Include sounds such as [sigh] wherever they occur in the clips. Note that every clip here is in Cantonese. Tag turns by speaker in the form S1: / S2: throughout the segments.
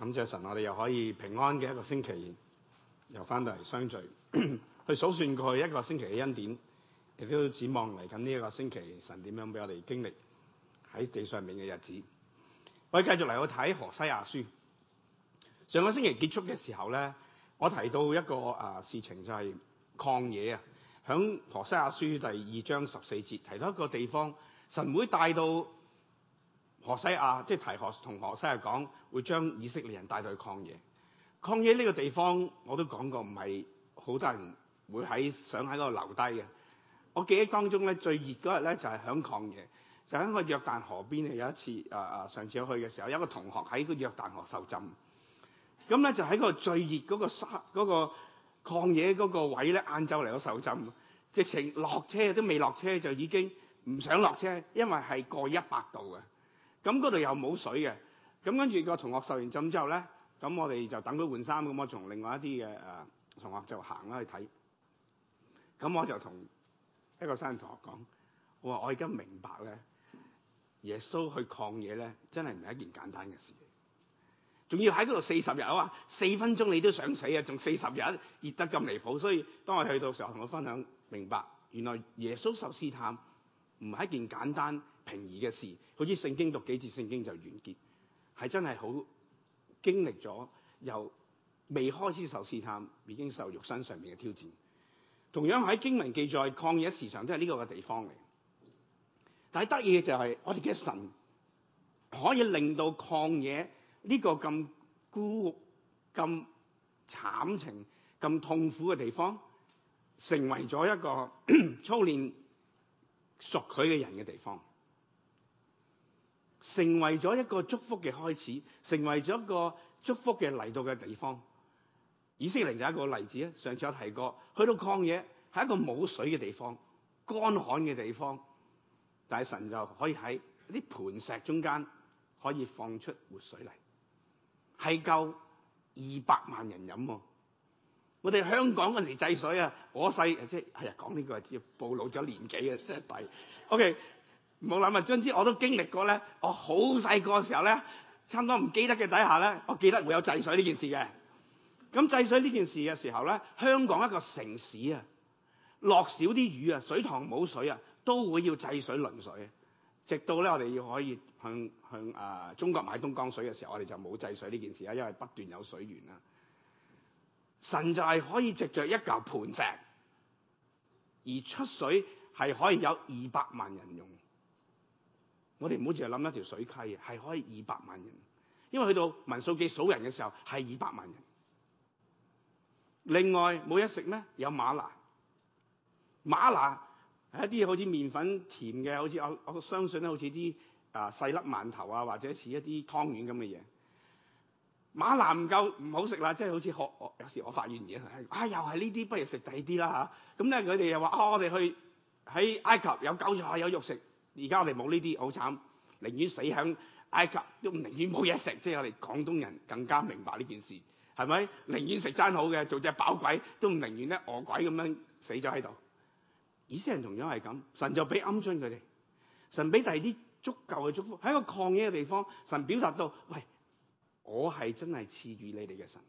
S1: 感謝神，我哋又可以平安嘅一個星期，又翻到嚟相聚， [coughs] 去數算過去一個星期嘅恩典，亦都展望嚟緊呢一個星期，神點樣俾我哋經歷喺地上面嘅日子。我哋繼續嚟去睇何西阿書。上個星期結束嘅時候咧，我提到一個啊事情就係、是、曠野啊，響何西阿書第二章十四節提到一個地方，神會帶到。何西亞即係提何同何西亞講，會將以色列人帶到去抗野抗野呢個地方。我都講過，唔係好多人會喺想喺嗰度留低嘅。我記憶當中咧最熱嗰日咧就係、是、響抗野，就喺個約旦河邊有一次啊啊，上次去嘅時候，有一個同學喺個約旦河受浸咁咧，那就喺個最熱嗰個沙嗰、那個、抗野嗰個位咧，晏晝嚟到受浸，直情落車都未落車就已經唔想落車，因為係過一百度嘅。咁嗰度又冇水嘅，咁跟住個同學受完浸之後咧，咁我哋就等佢換衫，咁我同另外一啲嘅誒同學就行啦去睇，咁我就同一個新同學講，我話我而家明白咧，耶穌去曠野咧，真係唔係一件簡單嘅事，仲要喺嗰度四十日啊嘛，我四分鐘你都想死啊，仲四十日熱得咁離譜，所以當我去到時候同佢分享，明白原來耶穌受試探唔係一件簡單。平宜嘅事，好似聖經讀幾次聖經就完結，係真係好經歷咗，由未開始受試探已經受肉身上面嘅挑戰，同樣喺經文記載，曠野時常都係呢個嘅地方嚟。但係得意嘅就係、是、我哋嘅神可以令到曠野呢個咁孤、咁慘情、咁痛苦嘅地方，成為咗一個 [coughs] 操練屬佢嘅人嘅地方。成為咗一個祝福嘅開始，成為咗一個祝福嘅嚟到嘅地方。以色列就係一個例子咧，上次有提過，去到曠野係一個冇水嘅地方、乾旱嘅地方，但係神就可以喺啲磐石中間可以放出活水嚟，係夠二百萬人飲。我哋香港嗰時製水啊，我細，即係係啊，講呢個只要暴露咗年紀啊，即係弊。OK。唔好諗啊，總之我都經歷過咧。我好細個時候咧，差唔多唔記得嘅底下咧，我記得會有制水呢件事嘅。咁制水呢件事嘅時候咧，香港一個城市啊，落少啲雨啊，水塘冇水啊，都會要制水輪水。直到咧我哋要可以向向啊中國買東江水嘅時候，我哋就冇制水呢件事啊，因為不斷有水源啦。神就係可以藉着一嚿盤石而出水，係可以有二百萬人用。我哋唔好淨係諗一條水溪，係可以二百萬人，因為去到民數記數人嘅時候係二百萬人。另外冇嘢食咧，有嗎哪，嗎哪係一啲好似麵粉甜嘅，好似我我相信咧，好似啲啊細粒饅頭啊，或者似一啲湯圓咁嘅嘢。嗎哪唔夠唔好食啦，即係好似我我有時我發現係啊，又係呢啲，不如食第二啲啦嚇。咁咧佢哋又話啊，我哋去喺埃及有韭菜，有肉食。而家我哋冇呢啲好慘，寧願死響埃及，都唔寧願冇嘢食，即係我哋廣東人更加明白呢件事，係咪？寧願食餐好嘅，做隻飽鬼，都唔寧願咧餓鬼咁樣死咗喺度。以色列人同樣係咁，神就俾鵪鶉佢哋，神俾第二啲足夠嘅祝福，喺一個曠野嘅地方，神表達到：喂，我係真係賜予你哋嘅神，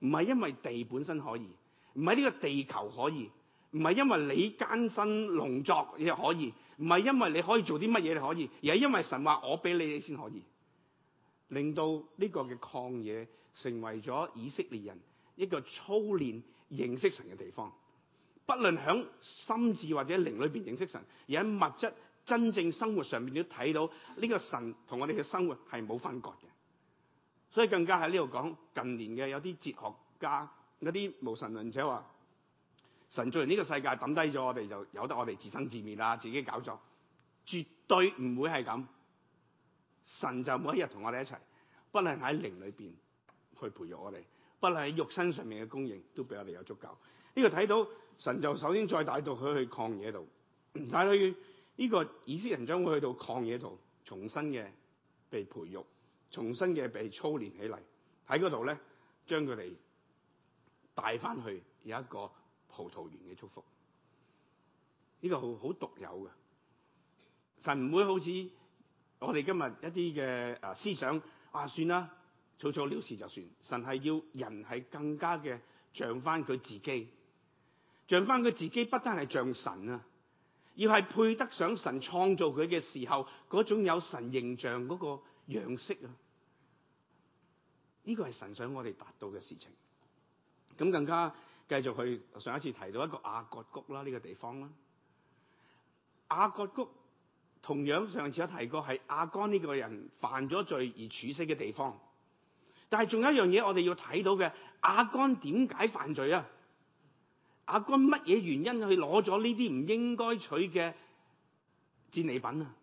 S1: 唔係因為地本身可以，唔係呢個地球可以。唔係因為你艱辛農作你可以，唔係因為你可以做啲乜嘢你可以，而係因為神話我俾你你先可以，令到呢個嘅曠野成為咗以色列人一個操練認識神嘅地方。不論響心智或者靈裏邊認識神，而喺物質真正生活上面都睇到呢個神同我哋嘅生活係冇分割嘅。所以更加喺呢度講近年嘅有啲哲學家啲無神論者話。神做人呢個世界抌低咗，了我哋就由得我哋自生自滅啦，自己搞作，絕對唔會係咁。神就每一日同我哋一齊，不論喺靈裏邊去培育我哋，不論喺肉身上面嘅供應都俾我哋有足夠，呢個睇到神就首先再帶到佢去曠野度，帶去呢個以色列人將會去到曠野度重新嘅被培育，重新嘅被操練起嚟喺嗰度咧，將佢哋帶翻去有一個。葡萄園嘅祝福，呢個好好獨有嘅。神唔會好似我哋今日一啲嘅誒思想，啊算啦，草草了事就算。神係要人係更加嘅像翻佢自己，像翻佢自己，不單係像神啊，要係配得上神創造佢嘅時候嗰種有神形象嗰個樣式啊。呢個係神想我哋達到嘅事情，咁更加。繼續去上一次提到一個亞割谷啦，呢個地方啦。亞割谷同樣上次有提過，係亞干呢個人犯咗罪而處死嘅地方。但係仲有一樣嘢我哋要睇到嘅，亞干點解犯罪啊？亞干乜嘢原因去攞咗呢啲唔應該取嘅戰利品啊？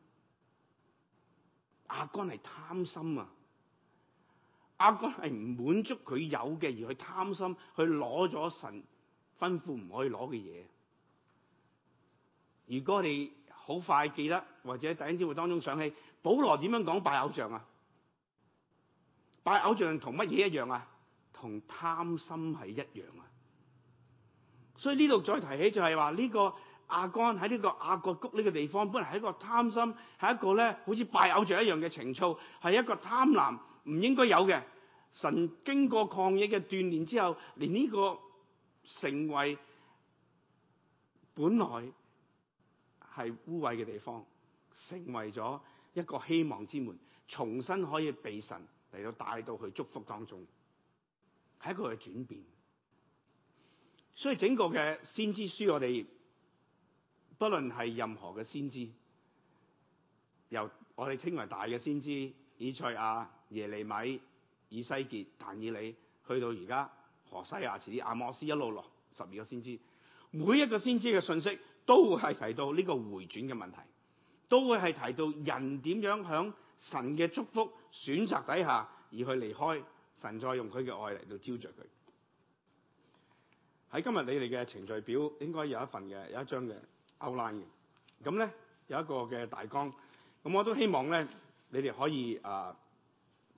S1: 亞干係貪心啊！阿干係唔滿足佢有嘅，而去貪心去攞咗神吩咐唔可以攞嘅嘢。如果你好快記得，或者喺第一節會當中想起，保羅點樣講拜偶像啊？拜偶像同乜嘢一樣啊？同貪心係一樣啊！所以呢度再提起就係話呢個阿干喺呢個阿各谷呢個地方本來係一個貪心，係一個咧好似拜偶像一樣嘅情操，係一個貪婪唔應該有嘅。神經過曠野嘅鍛鍊之後，連呢個成為本來係污穢嘅地方，成為咗一個希望之門，重新可以被神嚟到帶到去祝福當中，係一個嘅轉變。所以整個嘅先知書我們，我哋不論係任何嘅先知，由我哋稱為大嘅先知以賽亞、耶利米。以西結、但以理，去到而家何西阿、賈啲阿摩斯，一路落十二個先知，每一個先知嘅信息都會係提到呢個回轉嘅問題，都會係提到人點樣響神嘅祝福選擇底下而去離開神，再用佢嘅愛嚟到招著佢。喺今日你哋嘅程序表應該有一份嘅，有一張嘅 outline 嘅，咁咧有一個嘅大綱，咁我都希望咧你哋可以啊。呃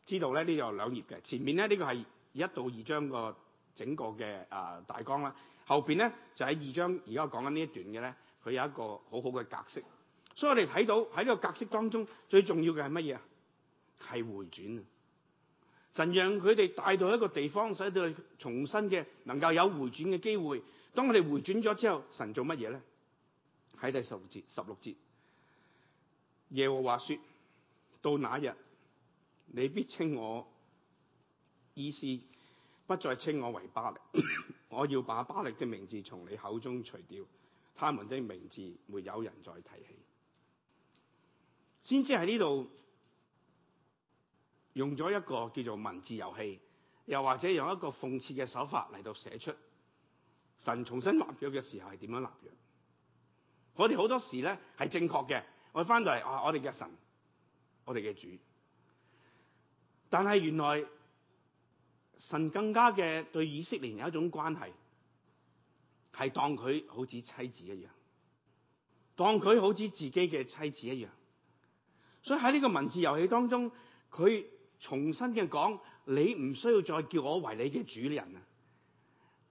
S1: 知道咧呢度有兩頁嘅，前面咧呢、這個係一到二章個整個嘅、呃、大綱啦，後邊咧就喺、是、二章而家我講緊呢一段嘅咧，佢有一個好好嘅格式，所以我哋睇到喺呢個格式當中最重要嘅係乜嘢？係回轉啊！神讓佢哋帶到一個地方，使到重新嘅能夠有回轉嘅機會。當我哋回轉咗之後，神做乜嘢咧？喺第十六節，十六節，耶和華說：到那日。你必稱我伊施，意思不再稱我為巴力。 [coughs] 我要把巴力的名字從你口中除掉，他們的名字沒有人再提起。先知喺呢度用咗一個叫做文字遊戲，又或者用一個諷刺嘅手法嚟到寫出神重新立約嘅時候係點樣立約。我哋好多時咧係正確嘅，我返到嚟啊，我哋嘅神，我哋嘅主。但係原來神更加嘅對以色列人有一種關係，係當佢好似妻子一樣，當佢好似自己嘅妻子一樣。所以喺呢個文字遊戲當中，佢重新嘅講：你唔需要再叫我為你嘅主人啊！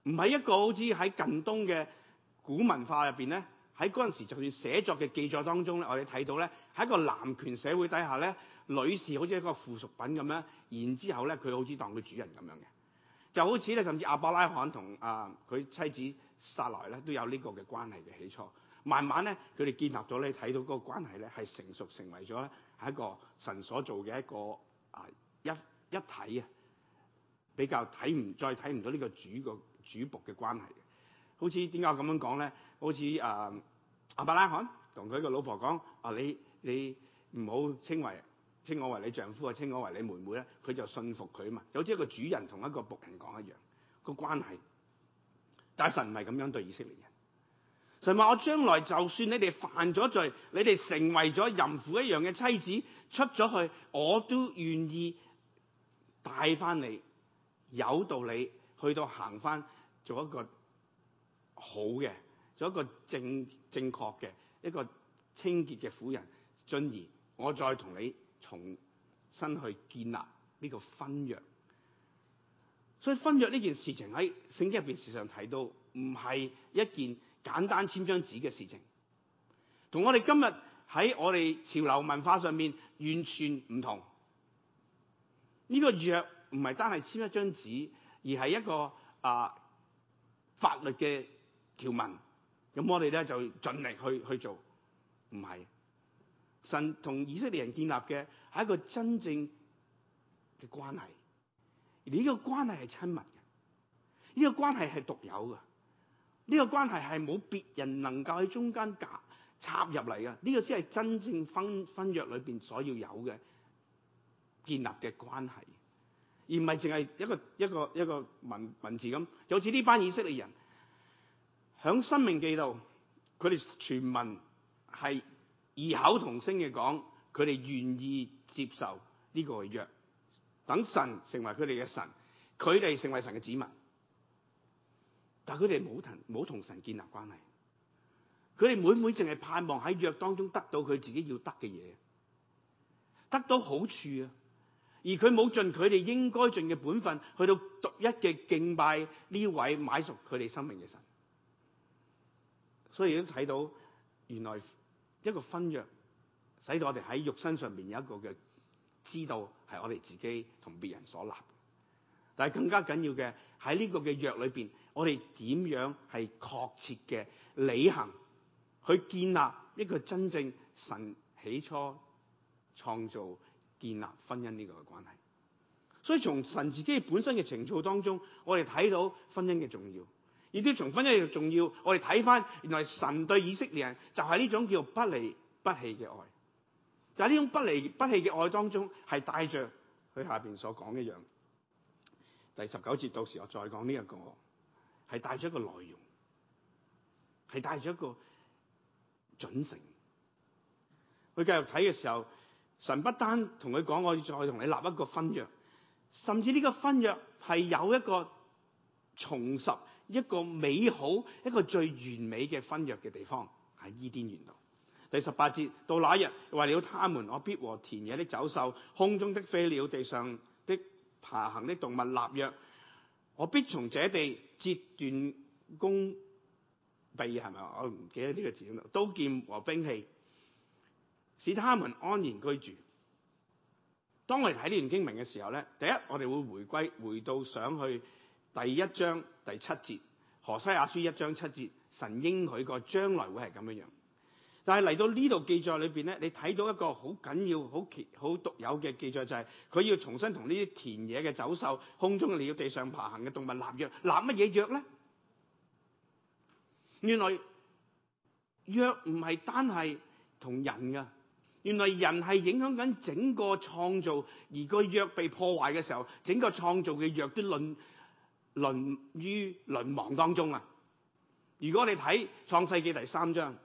S1: 唔係一個好似喺近東嘅古文化入邊咧。喺嗰陣時，就算寫作嘅記載當中咧，我哋睇到咧，喺一個男權社會底下咧，女士好似一個附屬品咁樣，然之後咧，佢好似當佢主人咁樣嘅，就好似咧，甚至亞伯拉罕同啊佢妻子撒萊咧，都有呢個嘅關係嘅起初，慢慢咧，佢哋建立咗咧，睇到嗰個關係咧，係成熟成為咗咧，係一個神所做嘅一個啊、呃、一一體啊，比較睇唔再睇唔到呢個主個主僕嘅關係。好似點解我咁樣講咧？好似誒阿伯拉罕同佢個老婆講：，啊你，你唔好稱為稱我為你丈夫，或、啊、稱我為你妹妹咧，佢就信服佢啊嘛。就好似一個主人同一個僕人講一樣一個關係，但神唔係咁樣對以色列人。神話：我將來就算你哋犯咗罪，你哋成為咗淫婦一樣嘅妻子出咗去，我都願意帶翻你，有道理去到行翻做一個。好嘅，做一個正正確嘅一個清潔嘅婦人，進而我再同你重新去建立呢個婚約。所以婚約呢件事情喺聖經入邊時常提到，唔係一件簡單簽張紙嘅事情，同我哋今日喺我哋潮流文化上面完全唔同。呢個約唔係單係簽一張紙，而係一個啊法律嘅。條文，咁我哋咧就盡力去去做，唔係神同以色列人建立嘅係一個真正嘅關係，而呢個關係係親密嘅，呢個關係係獨有嘅，呢個關係係冇別人能夠喺中間夾插入嚟嘅，呢個先係真正分分約裏邊所要有嘅建立嘅關係，而唔係淨係一個一個一個文文字咁，就好似呢班以色列人。響生命記錄，佢哋全民係異口同聲嘅講，佢哋願意接受呢個約，等神成為佢哋嘅神，佢哋成為神嘅子民。但係佢哋冇同冇同神建立關係，佢哋每每淨係盼望喺約當中得到佢自己要得嘅嘢，得到好處啊！而佢冇盡佢哋應該盡嘅本分，去到獨一嘅敬拜呢位買贖佢哋生命嘅神。所以都睇到，原來一個婚約使到我哋喺肉身上面有一個嘅知道係我哋自己同別人所立。但係更加緊要嘅喺呢個嘅約裏邊，我哋點樣係確切嘅履行，去建立一個真正神起初創造建立婚姻呢個嘅關係，所以從神自己本身嘅情操當中，我哋睇到婚姻嘅重要。呢啲重婚咧又重要，我哋睇翻，原來神對以色列人就係呢種叫不離不棄嘅愛。但係呢種不離不棄嘅愛當中，係帶着佢下邊所講嘅樣，第十九節到時我再講呢一個，係帶咗一個內容，係帶咗一個準成。佢繼續睇嘅時候，神不單同佢講，我要再同你立一個婚約，甚至呢個婚約係有一個重拾。一個美好、一個最完美嘅婚約嘅地方喺伊甸園度。第十八節，到那一日，為了他們，我必和田野的走獸、空中的飛鳥、地上的爬行的動物立約。我必從這地截斷弓、臂，係咪？我唔記得呢個字。刀劍和兵器，使他們安然居住。當我哋睇呢段經文嘅時候咧，第一我哋會回歸，回到想去。第一章第七節，何西亞書一章七節，神應許個將來會係咁樣樣。但係嚟到呢度記載裏邊咧，你睇到一個好緊要、好奇、好獨有嘅記載，就係、是、佢要重新同呢啲田野嘅走獸、空中嘅鳥、地上爬行嘅動物立約，立乜嘢約咧？原來約唔係單係同人㗎，原來人係影響緊整個創造，而個約被破壞嘅時候，整個創造嘅約都論淪於淪亡當中啊！如果你睇創世紀第三章，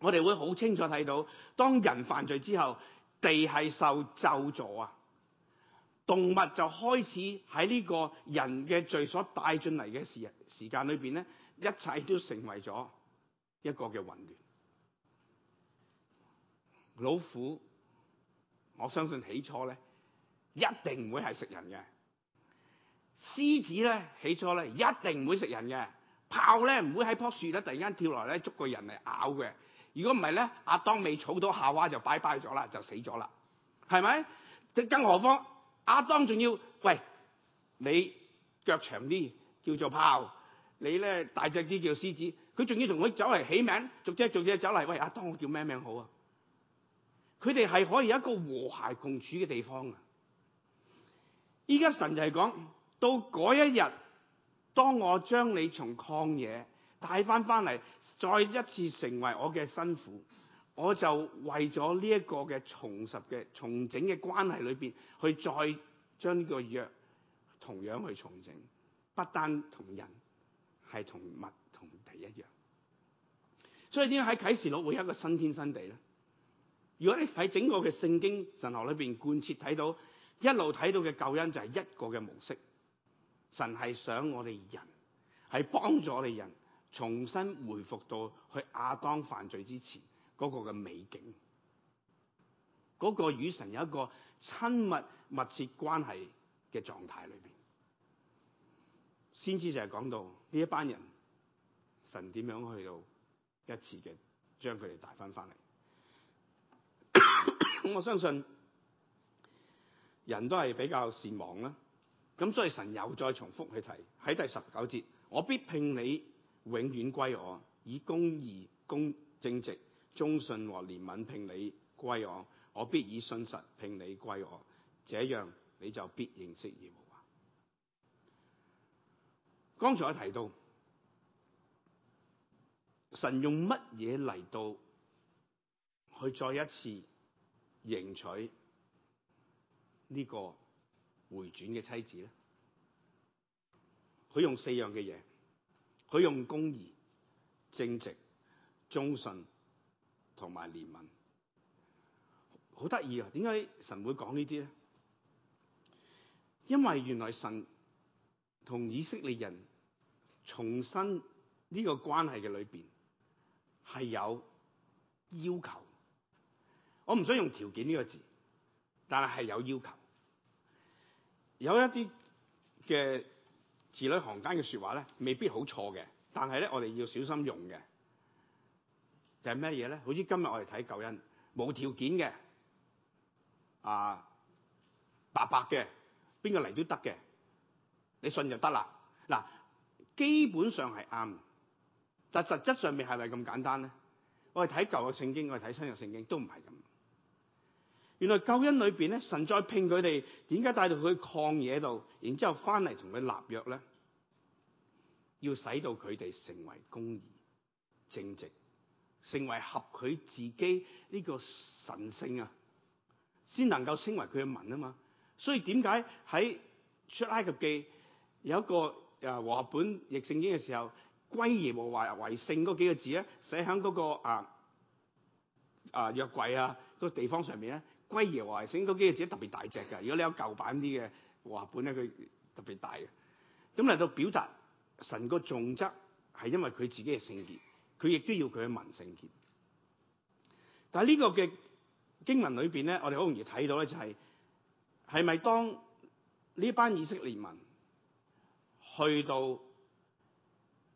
S1: 我哋會好清楚睇到，當人犯罪之後，地係受咒詛啊！動物就開始喺呢個人嘅罪所帶進嚟嘅時時間裏邊咧，一切都成為咗一個嘅混亂，老虎，我相信起初咧，一定唔會係食人嘅。獅子咧，起初咧，一定唔會食人嘅，豹咧，唔會喺樖樹咧突然間跳落嚟捉個人嚟咬嘅。如果唔係咧，阿當未儲到夏娃就拜拜咗啦，就死咗啦，係咪？即更何況阿當仲要喂你腳長啲叫做豹，你咧大隻啲叫做獅子，佢仲要同佢走嚟起名，逐隻逐隻走嚟喂阿當，我叫咩名好啊？佢哋係可以有一個和諧共處嘅地方啊！依家神就係講。到嗰一日，當我將你從曠野帶翻翻嚟，再一次成為我嘅新婦，我就為咗呢一個嘅重拾嘅重整嘅關係裏邊，去再將呢個約同樣去重整，不單同人係同物同地一樣。所以點解喺啟示錄會有一個新天新地咧？如果你喺整個嘅聖經神學裏邊貫徹睇到，一路睇到嘅救恩就係一個嘅模式。神係想我哋人，係幫助我哋人重新回復到去亞當犯罪之前嗰、那個嘅美景，嗰、那個與神有一個親密密切關係嘅狀態裏邊。先知就係講到呢一班人，神點樣去到一次嘅將佢哋帶翻翻嚟？咁 [coughs] 我相信人都係比較善忘啦。咁所以神又再重複去提，喺第十九節，我必聘你永遠歸我，以公義公正直、忠信和憐憫聘你歸我，我必以信實聘你歸我，這樣你就必認識耶和華。剛才我提到神用乜嘢嚟到去再一次迎娶呢、這個回轉嘅妻子咧，佢用四樣嘅嘢，佢用公義、正直、忠信同埋憐憫，好得意啊！點解神會講呢啲咧？因為原來神同以色列人重新呢個關係嘅裏邊係有要求，我唔想用條件呢個字，但係係有要求。有一啲嘅字裏行間嘅説話咧，未必好錯嘅，但係咧，我哋要小心用嘅。就係咩嘢咧？好似今日我哋睇救恩，冇條件嘅，啊，白白嘅，邊個嚟都得嘅，你信就得啦。嗱，基本上係啱，但實質上面係咪咁簡單咧？我哋睇舊嘅聖經，我哋睇新嘅聖經，都唔係咁。原來救恩裏邊咧，神再聘佢哋，點解帶到佢去曠野度，然之後翻嚟同佢立約咧，要使到佢哋成為公義、正直，成為合佢自己呢個神聖啊，先能夠稱為佢嘅民啊嘛。所以點解喺出埃及記有一個啊和合本譯聖經嘅時候，歸耶和華為聖嗰幾個字咧，寫響嗰個啊啊約櫃啊嗰個地方上面咧？耶和華升嗰幾隻字特別大隻㗎，如果你有舊版啲嘅華本咧，佢特別大嘅。咁嚟到表達神個重責係因為佢自己嘅聖潔，佢亦都要佢嘅民聖潔。但係呢個嘅經文裏邊咧，我哋好容易睇到咧、就是，就係係咪當呢班以色列民去到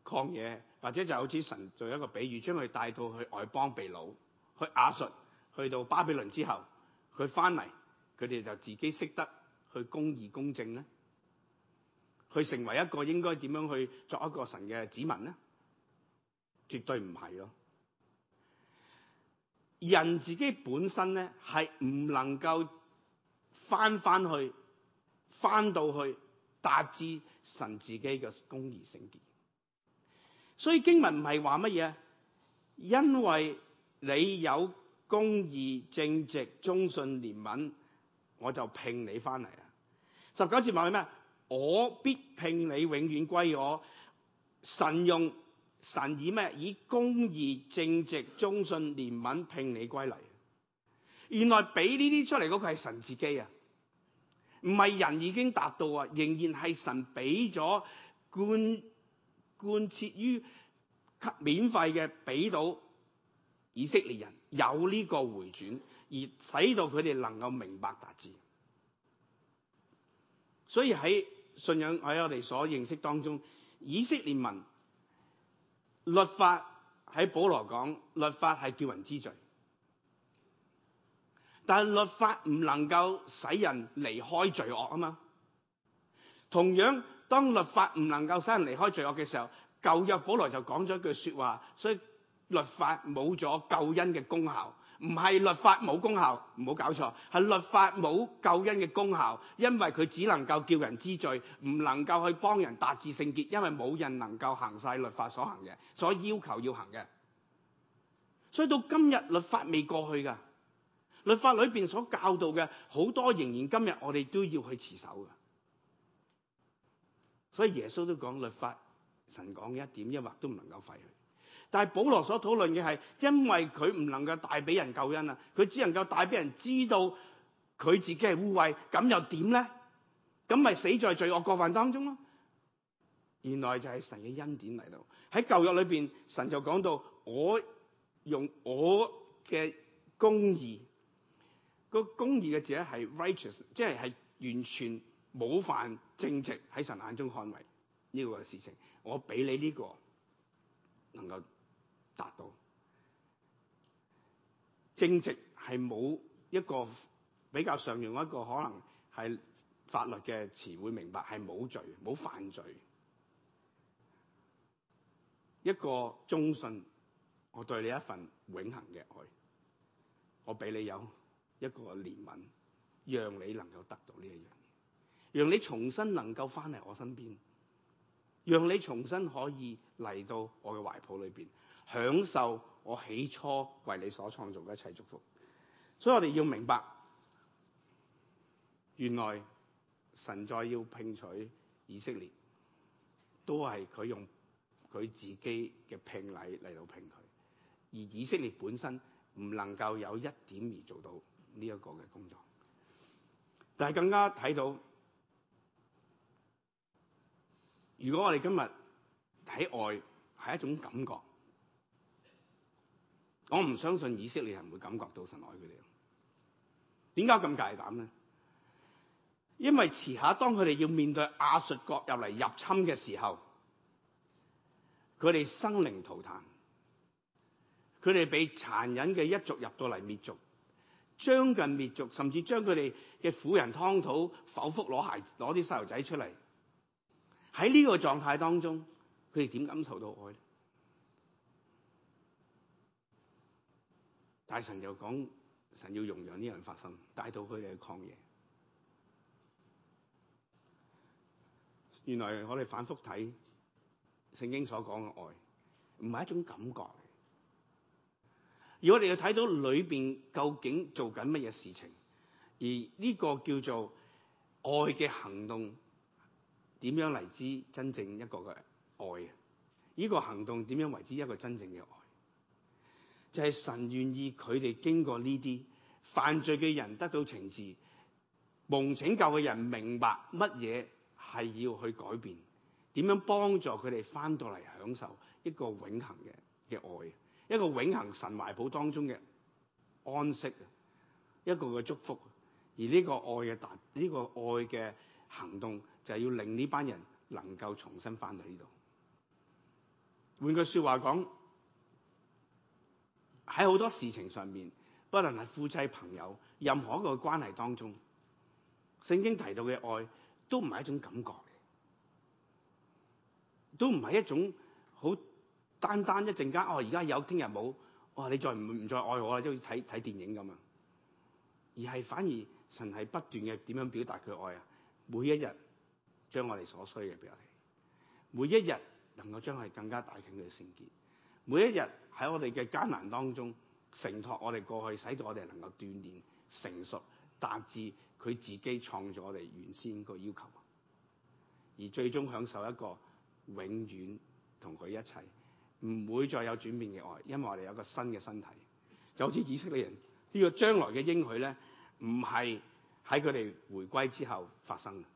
S1: 曠野，或者就是好似神做一個比喻，將佢帶到去外邦被擄，去亞述，去到巴比倫之後？佢翻嚟，佢哋就自己識得去公義公正咧，去成為一個應該點樣去作一個神嘅子民咧，絕對唔係咯。人自己本身咧係唔能夠翻翻去翻到去達至神自己嘅公義聖潔。所以經文唔係話乜嘢，因為你有。公義正直忠信憐憫，我就聘你翻嚟啦。十九節望係咩？我必聘你永遠歸我。神用神以咩？以公義正直忠信憐憫聘你歸嚟。原來俾呢啲出嚟嗰個係神自己啊，唔係人已經達到啊，仍然係神俾咗貫貫徹於給免費嘅俾到。以色列人有呢個回轉，而使到佢哋能夠明白達志。所以喺信仰喺我哋所認識當中，以色列文律法，喺保羅講，律法係叫人知罪，但係律法唔能夠使人離開罪惡啊嘛。同樣，當律法唔能夠使人離開罪惡嘅時候，舊約保羅就講咗一句說話，所以。律法冇咗救恩嘅功效，唔係律法冇功效，唔好搞錯，係律法冇救恩嘅功效，因為佢只能夠叫人知罪，唔能夠去幫人達至聖潔，因為冇人能夠行晒律法所行嘅，所要求要行嘅。所以到今日律法未過去噶，律法裏邊所教導嘅好多仍然今日我哋都要去持守嘅。所以耶穌都講，律法神講嘅一點一劃都唔能夠廢去。.但係保羅所討論嘅係，因為佢唔能夠帶俾人救恩啊，佢只能夠帶俾人知道佢自己係污穢，咁又點咧？咁咪死在罪惡過犯當中咯。原來就係神嘅恩典嚟到喺舊約裏邊，神就講到我用我嘅公義，個公義嘅字係 righteous，即係係完全冇犯正直喺神眼中看為呢個嘅事情，我俾你呢個能夠。達到正直係冇，一個比較常用一個可能係法律嘅詞，會明白係冇罪冇犯罪。一個忠信，我對你一份永恆嘅愛，我俾你有一個憐憫，讓你能夠得到呢一樣嘢，讓你重新能夠翻嚟我身邊。讓你重新可以嚟到我嘅懷抱裏邊，享受我起初為你所創造嘅一切祝福。所以我哋要明白，原來神再要聘取以色列，都係佢用佢自己嘅聘禮嚟到聘佢，而以色列本身唔能夠有一點而做到呢一個嘅工作。但係更加睇到。如果我哋今日睇愛係一種感覺，我唔相信以色列人會感覺到神愛佢哋。點解咁大膽咧？因為遲下當佢哋要面對亞述國入嚟入侵嘅時候，佢哋生靈塗炭，佢哋被殘忍嘅一族入到嚟滅族，將近滅族，甚至將佢哋嘅婦人劏肚剖腹攞攞啲細路仔出嚟。喺呢個狀態當中，佢哋點感受到愛咧？大神又講，神要容讓呢樣發生，帶到佢哋去抗嘢。原來我哋反覆睇聖經所講嘅愛，唔係一種感覺，而我哋要睇到裏邊究竟做緊乜嘢事情，而呢個叫做愛嘅行動。點樣謂之真正一個嘅愛啊？呢個行動點樣為之一個真正嘅愛？就係神願意佢哋經過呢啲犯罪嘅人得到懲治，蒙拯救嘅人明白乜嘢係要去改變，點樣幫助佢哋返到嚟，享受一個永恒嘅嘅愛，一個永恒神懷抱當中嘅安息，一個嘅祝福。而呢個愛嘅大，呢個愛嘅行動，就係要令呢班人能夠重新翻到呢度。換句説話講，喺好多事情上面，不論係夫妻朋友、任何一個關係當中，聖經提到嘅愛都唔係一種感覺嚟，都唔係一種好單單一陣間哦，而家有聽日冇，哇、哦！你再唔唔再愛我啦？即係好似睇睇電影咁啊，而係反而神係不斷嘅點樣表達佢愛啊，每一日。將我哋所需嘅俾我哋，每一日能夠將佢更加大勁佢嘅聖潔，每一日喺我哋嘅艱難當中，承托我哋過去，使到我哋能夠鍛鍊成熟，達至佢自己創造我哋原先個要求，而最終享受一個永遠同佢一齊，唔會再有轉變嘅愛，因為我哋有個新嘅身體，就好似以色列人、這個、將呢個將來嘅應許咧，唔係喺佢哋回歸之後發生的。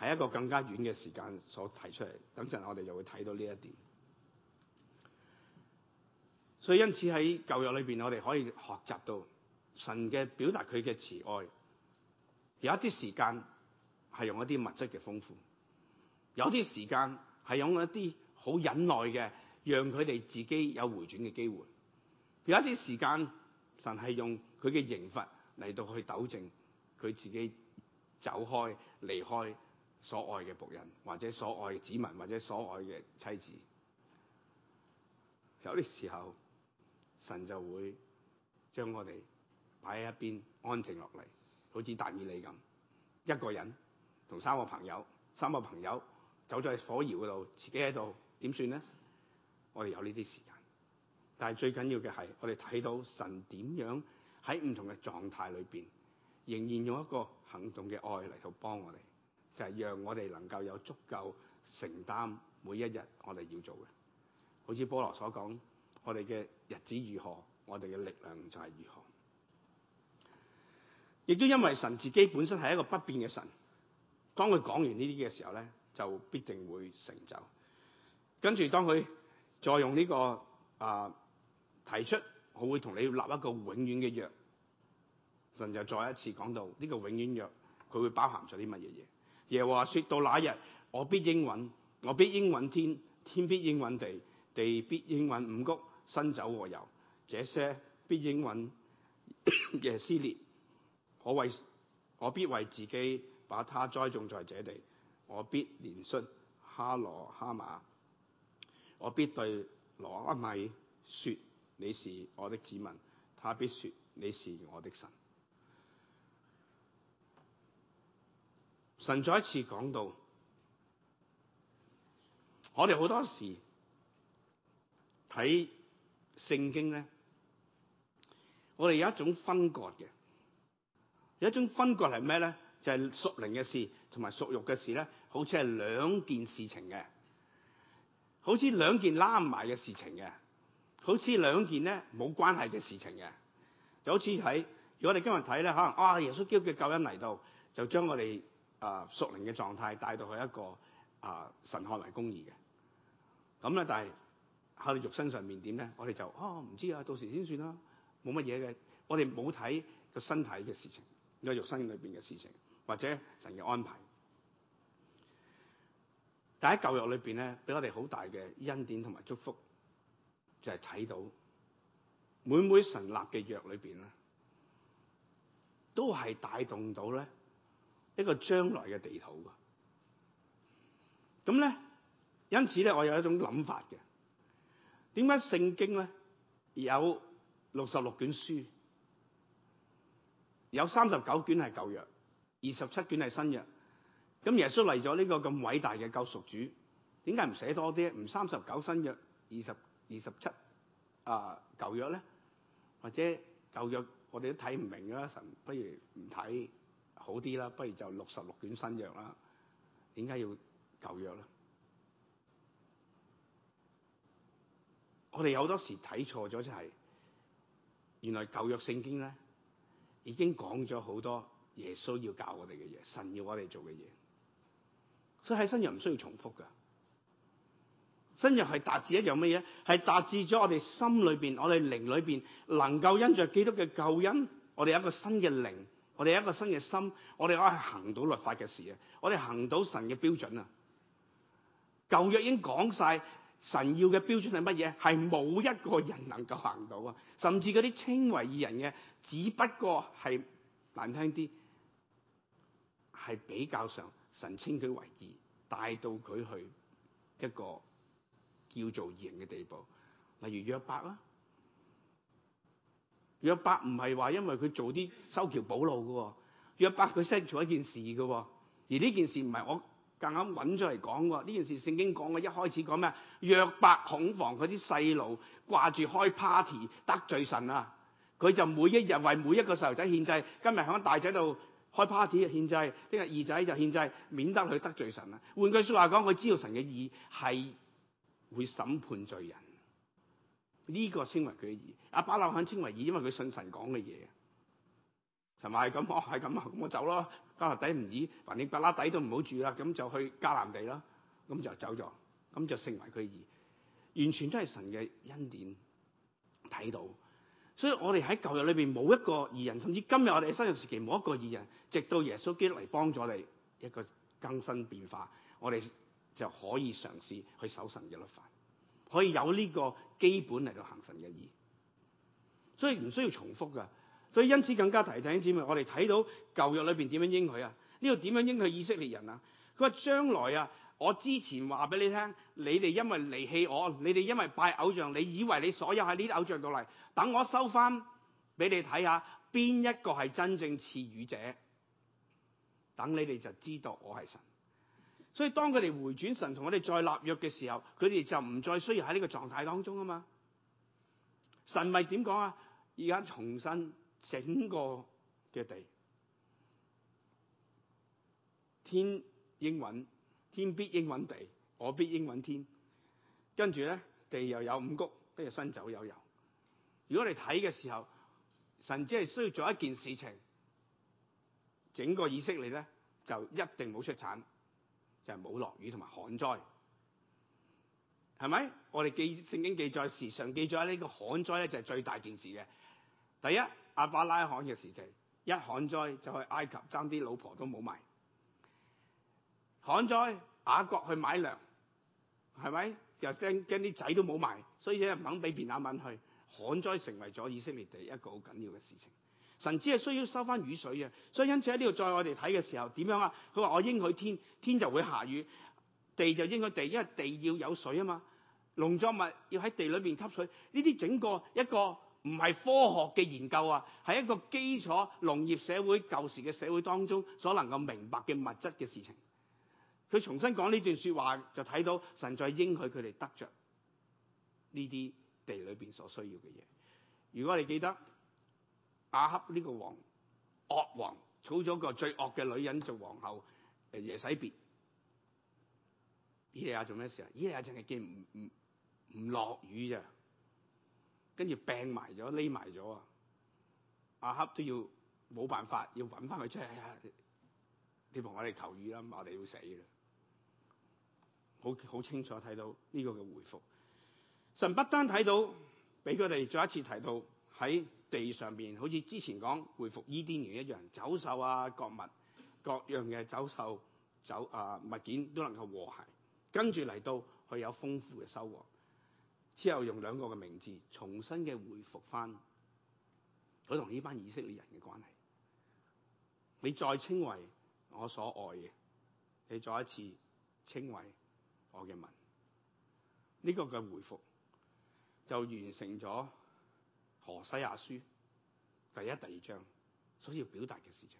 S1: 喺一個更加遠嘅時間所提出嚟，等陣我哋就會睇到呢一點。所以因此喺舊約裏邊，我哋可以學習到神嘅表達佢嘅慈愛。有一啲時間係用一啲物質嘅豐富，有啲時間係用一啲好忍耐嘅，讓佢哋自己有回轉嘅機會。有一啲時間神係用佢嘅刑罰嚟到去糾正佢自己走開離開。所愛嘅僕人，或者所愛嘅子民，或者所愛嘅妻子，有啲時候神就會將我哋擺喺一邊，安靜落嚟，好似但以理咁一,一個人，同三個朋友，三個朋友走咗喺火窯度，自己喺度點算咧？我哋有呢啲時間，但係最緊要嘅係我哋睇到神點樣喺唔同嘅狀態裏邊仍然用一個行動嘅愛嚟到幫我哋。就係讓我哋能夠有足夠承擔每一日我哋要做嘅，好似保羅所講，我哋嘅日子如何，我哋嘅力量就係如何。亦都因為神自己本身係一個不變嘅神，當佢講完呢啲嘅時候咧，就必定會成就。跟住當佢再用呢、這個啊、呃、提出，我會同你立一個永遠嘅約，神就再一次講到呢、這個永遠約，佢會包含咗啲乜嘢嘢？耶和華說，說到那日，我必應允，我必應允天，天必應允地，地必應允五穀、新酒和油，這些必應允。耶斯列，我 [coughs] 為我必為自己把他栽種在這地，我必憐恤哈羅哈馬，我必對羅阿米說你是我的子民，他必說你是我的神。神再一次講到，我哋好多時睇聖經咧，我哋有一種分割嘅，有一種分割係咩咧？就係屬靈嘅事同埋屬肉嘅事咧，好似係兩件事情嘅，好似兩件攬埋嘅事情嘅，好似兩件咧冇關係嘅事情嘅。就好似喺如果我哋今日睇咧，可能啊，耶穌基督嘅救恩嚟到就將我哋。啊，屬靈嘅狀態帶到去一個啊神學嚟公義嘅，咁咧但係喺我哋肉身上面點咧？我哋就啊唔、哦、知道啊，到時先算啦、啊，冇乜嘢嘅。我哋冇睇個身體嘅事情，個肉身裏邊嘅事情或者神嘅安排。但喺舊約裏邊咧，俾我哋好大嘅恩典同埋祝福，就係、是、睇到每每神立嘅約裏邊咧，都係帶動到咧。一個將來嘅地圖㗎，咁咧，因此咧，我有一種諗法嘅。點解聖經咧有六十六卷書，有三十九卷係舊約，二十七卷係新約？咁耶穌嚟咗呢個咁偉大嘅救贖主，點解唔寫多啲？唔三十九新約，二十、啊、二十七啊舊約咧？或者舊約我哋都睇唔明啦，神不如唔睇。好啲啦，不如就六十六卷新約啦。點解要舊約咧？我哋有好多時睇錯咗，就係原來舊約聖經咧，已經講咗好多耶穌要教我哋嘅嘢、神要我哋做嘅嘢。所以喺新約唔需要重複噶。新約係達至一樣乜嘢？係達至咗我哋心裏邊、我哋靈裏邊，能夠因着基督嘅救恩，我哋有一個新嘅靈。我哋一個新嘅心，我哋可以行到律法嘅事啊！我哋行到神嘅標準啊！舊約已經講晒神要嘅標準係乜嘢，係冇一個人能夠行到啊！甚至嗰啲稱為義人嘅，只不過係難聽啲，係比較上神稱佢為義，帶到佢去一個叫做義人嘅地步，例如約伯啦。約伯唔係話因為佢做啲修橋補路嘅，約伯佢 set 咗一件事嘅、哦，而呢件事唔係我夾硬揾出嚟講嘅，呢件事聖經講嘅，一開始講咩？約伯恐防佢啲細路掛住開 party 得罪神啊，佢就每一日為每一個細路仔獻祭，今日響大仔度開 party 獻祭，聽日二仔就獻祭，免得佢得罪神啊。換句說話講，佢知道神嘅義係會審判罪人。呢、這個稱為佢嘅義，亞伯拉罕稱為義，因為佢信神講嘅嘢，啊，神話係咁，我係咁啊，咁我走咯。迦勒底唔宜，凡尼拔拉底都唔好住啦，咁就去迦南地啦，咁就走咗，咁就成為佢嘅義，完全都係神嘅恩典睇到。所以我哋喺舊約裏邊冇一個義人，甚至今日我哋嘅新約時期冇一個義人，直到耶穌基督嚟幫助你一個更新變化，我哋就可以嘗試去守神嘅律法。可以有呢個基本嚟到行神嘅意義，所以唔需要重複噶。所以因此更加提醒姐妹，我哋睇到舊約裏面點樣應佢啊？呢度點樣應佢以色列人啊？佢話將來啊，我之前話俾你聽，你哋因為離棄我，你哋因為拜偶像，你以為你所有喺呢啲偶像度嚟，等我收翻俾你睇下，邊一個係真正賜予者，等你哋就知道我係神。所以當佢哋回轉神同我哋再立約嘅時候，佢哋就唔再需要喺呢個狀態當中啊嘛。神咪點講啊？而家重新整個嘅地，天應允，天必應允地，我必應允天。跟住咧，地又有五穀，跟住新酒又有油。如果你睇嘅時候，神只係需要做一件事情，整個以色列咧就一定冇出產。就係冇落雨同埋旱災係咪？我哋記聖經記載時常記載呢、這個旱災咧，就係最大件事嘅。第一，阿巴拉罕嘅事情一旱災就去埃及爭啲老婆都冇埋。旱災，雅各去買糧係咪？又驚驚啲仔都冇埋，所以咧唔肯俾便雅憫去。旱災成為咗以色列地一個好緊要嘅事情。神只係需要收翻雨水嘅，所以因此喺呢度再我哋睇嘅時候，點樣啊？佢話我應佢天，天就會下雨；地就應佢地，因為地要有水啊嘛。農作物要喺地裏邊吸水，呢啲整個一個唔係科學嘅研究啊，係一個基礎農業社會舊時嘅社會當中所能夠明白嘅物質嘅事情。佢重新講呢段說話，就睇到神在應許佢哋得着呢啲地裏面所需要嘅嘢。如果你記得。亞哈呢個王惡王，娶咗個最惡嘅女人做皇后，誒耶洗別，以利亞做咩事啊？以利亞淨係見唔唔唔落雨咋，跟住病埋咗，匿埋咗啊！亞哈都要冇辦法，要揾翻佢出嚟啊，哎！你同我哋求雨啦，我哋要死啦！好好清楚睇到呢個嘅回復，神不單睇到，俾佢哋再一次提到喺。在地上面好似之前講回復伊甸園一樣，走獸啊、各物各樣嘅走獸走啊物件都能夠和諧，跟住嚟到佢有豐富嘅收穫之後，用兩個嘅名字重新嘅回復翻佢同呢班以色列人嘅關係。你再稱為我所愛嘅，你再一次稱為我嘅民，呢、這個嘅回復就完成咗。何西亞書第一、第二章，所要表達嘅事情。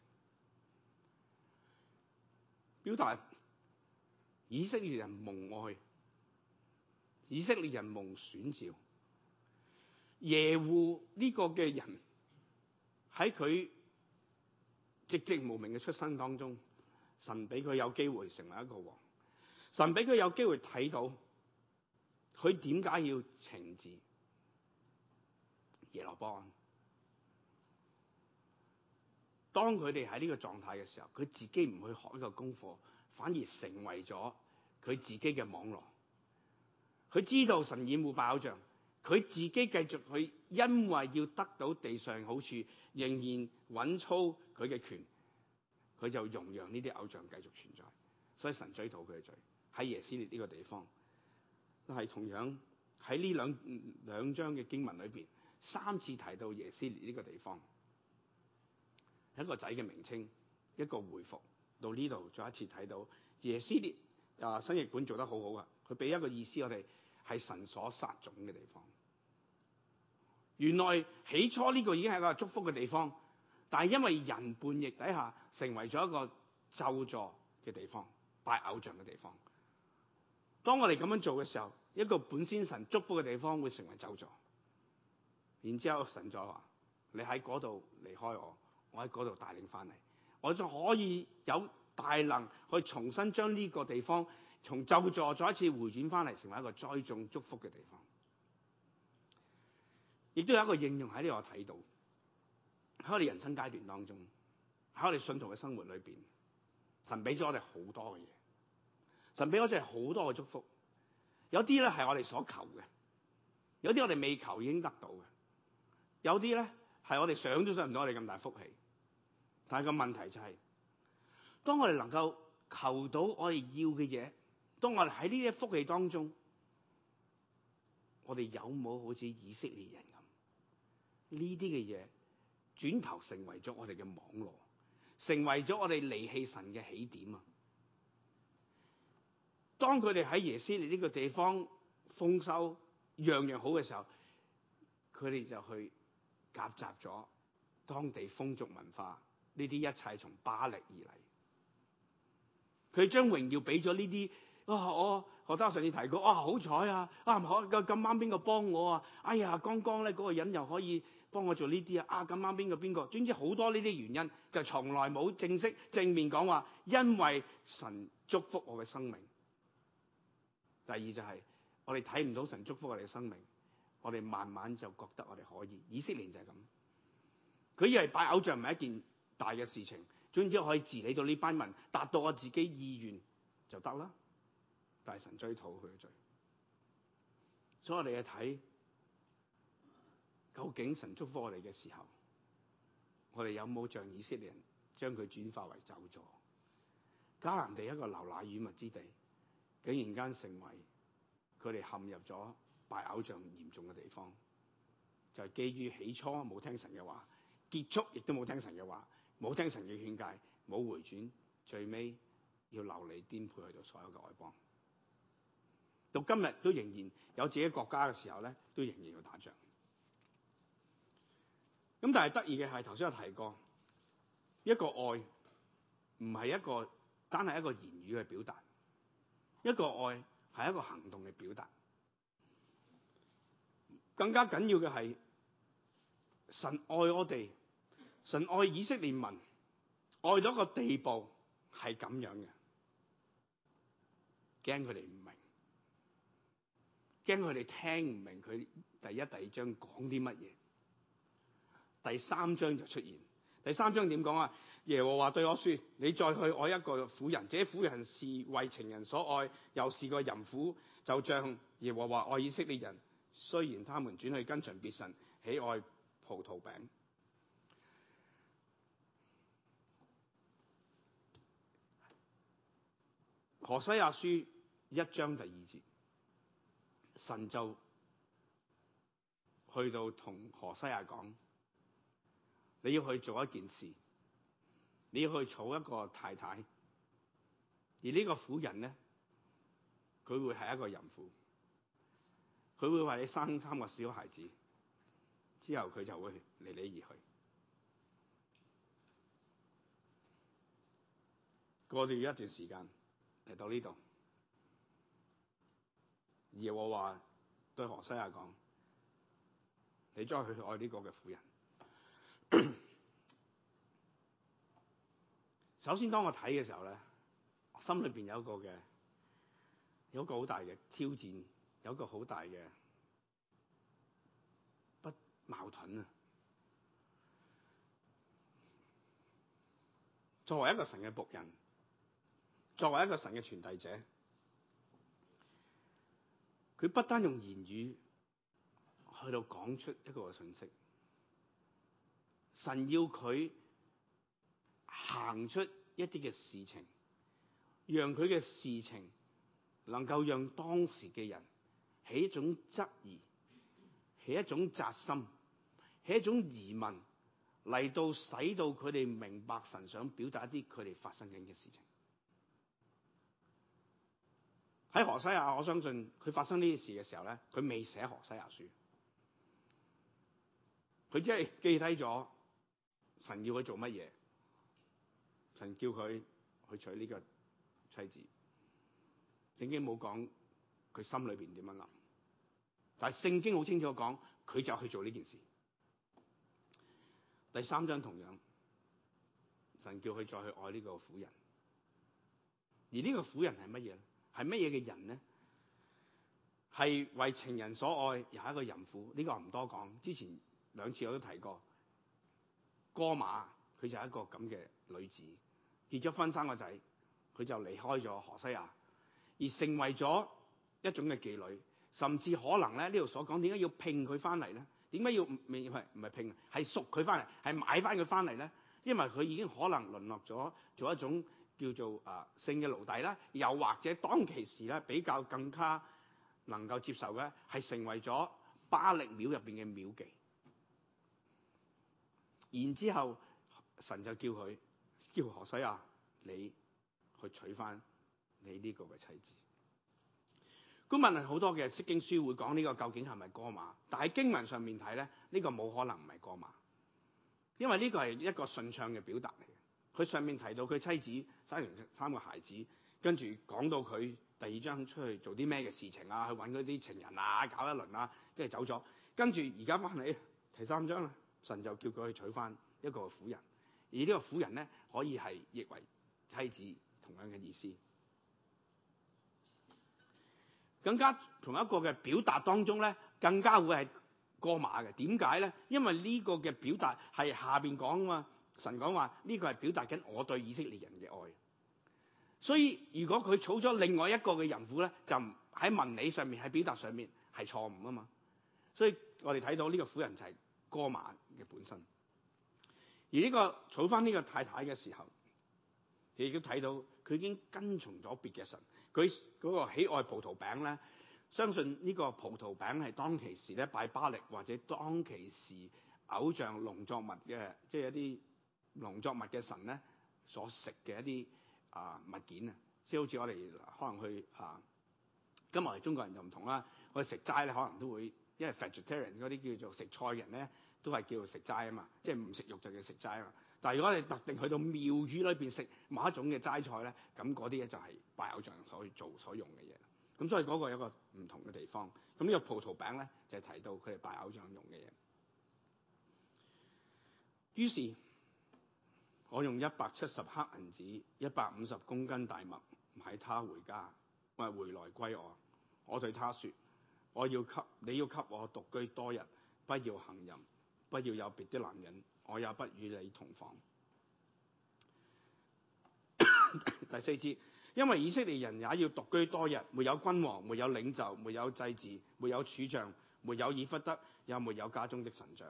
S1: 表達以色列人蒙愛，以色列人蒙選召。耶戶呢個嘅人喺佢寂寂無名嘅出生當中，神俾佢有機會成為一個王，神俾佢有機會睇到佢點解要懲治。耶羅波安，當佢哋喺呢個狀態嘅時候，佢自己唔去學一個功課，反而成為咗佢自己嘅網羅。佢知道神厭惡拜偶像，佢自己繼續去，因為要得到地上好處，仍然穩操佢嘅權，佢就容讓呢啲偶像繼續存在。所以神追討佢嘅罪喺耶斯列呢個地方，都係同樣喺呢兩兩章嘅經文裏邊。三次提到耶斯列呢個地方，一個仔嘅名稱，一個回復。到呢度，再一次睇到耶斯列啊，新譯本做得好好啊。佢俾一個意思我，我哋係神所撒種嘅地方。原來起初呢個已經係一個祝福嘅地方，但係因為人叛逆底下，成為咗一個咒詛嘅地方，拜偶像嘅地方。當我哋咁樣做嘅時候，一個本先神祝福嘅地方，會成為咒詛。然之後，神再話：你喺嗰度離開我，我喺嗰度帶領翻嚟，我就可以有大能去重新將呢個地方從咒詛再一次回轉翻嚟，成為一個栽種祝福嘅地方。亦都有一個應用喺呢度我睇到，喺我哋人生階段當中，喺我哋信徒嘅生活裏邊，神俾咗我哋好多嘅嘢，神俾我哋好多嘅祝福。有啲咧係我哋所求嘅，有啲我哋未求已經得到嘅。有啲咧係我哋想都想唔到，我哋咁大福氣。但係個問題就係、是，當我哋能夠求到我哋要嘅嘢，當我哋喺呢啲福氣當中，我哋有冇好似以色列人咁？呢啲嘅嘢轉頭成為咗我哋嘅網絡，成為咗我哋離棄神嘅起點啊！當佢哋喺耶斯利呢個地方豐收、樣樣好嘅時候，佢哋就去，夾雜咗當地風俗文化呢啲一切從巴力而嚟，佢將榮耀俾咗呢啲啊！我何德上次提過、哦、啊，好彩啊啊！咁啱邊個幫我啊？哎呀，剛剛咧嗰個人又可以幫我做呢啲啊！啊，咁啱邊個邊個？總之好多呢啲原因，就從來冇正式正面講話，因為神祝福我嘅生命。第二就係、是、我哋睇唔到神祝福我哋嘅生命。我哋慢慢就覺得我哋可以，以色列就係咁，佢以為拜偶像唔係一件大嘅事情，總之可以治理到呢班人，達到我自己意願就得啦。大神追討佢嘅罪，所以我哋去睇究竟神祝福我哋嘅時候，我哋有冇有像以色列人將佢轉化為咒詛？迦南地一個流奶與蜜之地，竟然間成為佢哋陷入咗。拜偶像嚴重嘅地方，就係基於起初冇聽神嘅話，結束亦都冇聽神嘅話，冇聽神嘅勸戒，冇回轉，最尾要流離顛沛去到所有嘅外邦。到今日都仍然有自己國家嘅時候咧，都仍然要打仗。咁但係得意嘅係，頭先有提過，一個愛唔係一個單係一個言語嘅表達，一個愛係一個行動嘅表達。更加緊要嘅係，神愛我哋，神愛以色列民，愛到一個地步係咁樣嘅，驚佢哋唔明，驚佢哋聽唔明佢第一、第二章講啲乜嘢，第三章就出現。第三章點講啊？耶和華對我說：你再去愛一個婦人，這婦人是為情人所愛，又是個淫婦，就像耶和華愛以色列人。雖然他們轉去跟隨別神，喜愛葡萄餅。何西亞書一章第二節，神就去到同何西亞講：你要去做一件事，你要去娶一個太太，而呢個婦人咧，佢會係一個淫婦。佢會為你生三個小孩子，之後佢就會離你而去。過咗一段時間嚟到呢度，耶和華對何西阿講：你再去愛呢個嘅婦人。 [coughs] 首先，當我睇嘅時候咧，心裏邊有一個嘅有一個好大嘅挑戰。有個好大嘅不矛盾啊。作為一個神嘅僕人，作為一個神嘅傳遞者，佢不單用言語去到講出一個信息。神要佢行出一啲嘅事情，讓佢嘅事情能夠讓當時嘅人。係一種質疑，係一種扎心，係一種疑問嚟到，使到佢哋明白神想表達一啲佢哋發生緊嘅事情。喺何西阿，我相信佢發生呢件事嘅時候咧，佢未寫何西阿書，佢即係記低咗神叫佢做乜嘢，神叫佢去娶呢個妻子，聖經冇講。佢心裏邊點樣諗？但係聖經好清楚講，佢就去做呢件事。第三章同樣，神叫佢再去愛呢個婦人，而呢個婦人係乜嘢咧？係乜嘢嘅人咧？係為情人所愛，又係一個淫婦。呢、這個唔多講，之前兩次我都提過。哥瑪佢就一個咁嘅女子，結咗婚生個仔，佢就離開咗河西亞，而成為咗。一種嘅妓女，甚至可能咧，呢度所講，點解要聘佢翻嚟咧？點解要唔係，唔係聘，係贖佢翻嚟，係買翻佢翻嚟咧？因為佢已經可能淪落咗做一種叫做啊、呃、性嘅奴隸啦，又或者當其時咧比較更加能夠接受嘅，係成為咗巴力廟入面嘅廟妓。然之後神就叫佢叫何西阿、啊？你去娶翻你呢個嘅妻子。古文好多嘅釋經書會講呢個究竟係咪哥馬？但喺經文上面睇呢，呢個冇可能唔係哥馬，因為呢個係一個順暢嘅表達嚟嘅。佢上面提到佢妻子生完三個孩子，跟住講到佢第二章出去做啲咩嘅事情啊，去揾嗰啲情人啊，搞一輪啊，跟住走咗。跟住而家翻嚟第三章啦，神就叫佢去娶翻一個婦人，而呢個婦人呢，可以係譯為妻子同樣嘅意思。更加同一個嘅表達當中咧，更加會係過馬嘅。點解咧？因為呢個嘅表達係下邊講啊嘛。神講話呢個係表達緊我對以色列人嘅愛。所以如果佢娶咗另外一個嘅淫婦咧，就唔喺文理上面、喺表達上面係錯誤啊嘛。所以我哋睇到呢個婦人就係過馬嘅本身。而呢、這個娶翻呢個太太嘅時候，你亦都睇到佢已經跟從咗別嘅神。佢嗰個喜愛葡萄餅咧，相信呢個葡萄餅係當其時咧拜巴力，或者當其時偶像農作物嘅，即係一啲農作物嘅神咧所食嘅一啲啊物件啊，即係好似我哋可能去啊，今日我哋中國人就唔同啦，我哋食齋咧可能都會，因為 vegetarian 嗰啲叫做食菜人咧。都係叫做食齋啊嘛，即係唔食肉就叫食齋啊嘛。但係如果你特定去到廟宇裏邊食某一種嘅齋菜咧，咁嗰啲咧就係拜偶像所做所用嘅嘢。咁所以嗰個係一個唔同嘅地方。咁呢個葡萄餅咧，就係提到佢係拜偶像用嘅嘢。於是，我用一百七十克銀子、一百五十公斤大麥買他回家，話回來歸我。我對他說：我要給你要給我獨居多日，不要行淫。不要有別的男人，我也不與你同房。 [coughs] 第四節，因為以色列人也要獨居多日，沒有君王，沒有領袖，沒有祭祀，沒有柱像，沒有以弗得，也沒有家中的神像。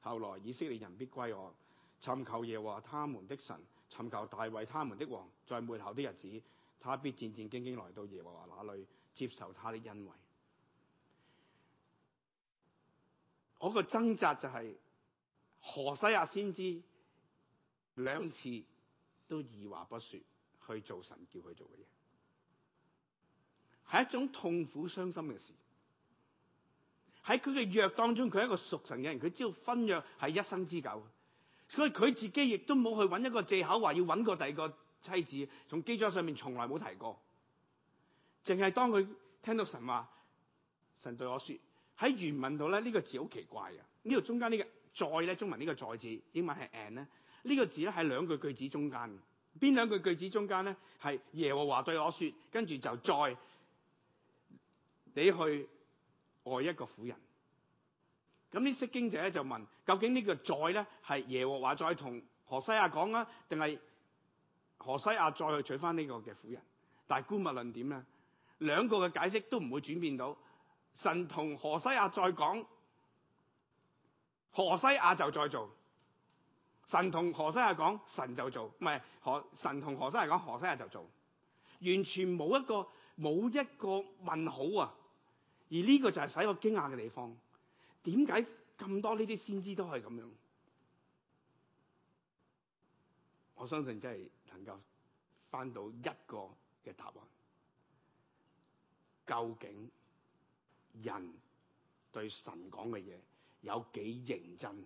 S1: 後來以色列人必歸我，尋求耶和華他們的神，尋求大衛他們的王，在末後的日子，他必戰戰兢兢來到耶和華那裏，接受他的恩惠。我個掙扎就係何西阿先知兩次都二話不說去做神叫佢做嘅嘢，係一種痛苦傷心嘅事。喺佢嘅約當中，佢係一個熟神嘅人，佢知道婚約係一生之久，所以佢自己亦都冇去揾一個借口，話要揾個第二個妻子。從記載上面從來冇提過，淨係當佢聽到神話，神對我說。喺原文度咧，呢、這個字好奇怪嘅。呢度中間呢、這個再咧，中文呢、這個再字，英文係 and 呢，咧。呢個字咧喺兩句句子中間邊，兩句句子中間咧，係耶和華對我說，跟住就再你去愛一個婦人。咁呢識經者咧就問究竟呢、這個再咧係耶和華再同何西阿講啊，定係何西阿再去取翻呢個嘅婦人？但係無論點咧，兩個嘅解釋都唔會轉變到。神同何西阿再講，何西阿就再做；神同何西阿講，神就做，唔係何神同何西阿講，何西阿就做。完全冇一個冇一個問號啊！而呢個就係使我驚訝嘅地方。點解咁多呢啲先知都係咁樣？我相信真係能夠翻到一個嘅答案，究竟？人對神講嘅嘢有幾認真？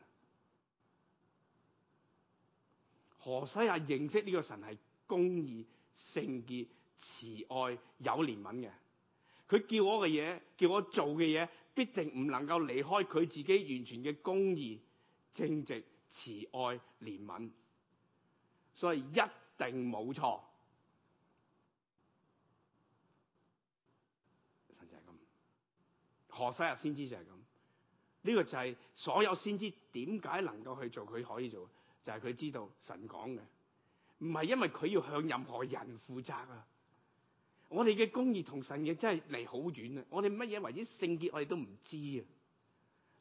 S1: 何西阿認識呢個神係公義、聖潔、慈愛、有憐憫嘅。佢叫我嘅嘢，叫我做嘅嘢，必定唔能夠離開佢自己完全嘅公義、正直、慈愛、憐憫。所以一定冇錯。何西阿先知就係咁，呢、這個就係所有先知點解能夠去做佢可以做，就係、是、佢知道神講嘅，唔係因為佢要向任何人負責啊。我哋嘅公義同神嘅真係離好遠啊！我哋乜嘢為之聖潔，我哋都唔知啊。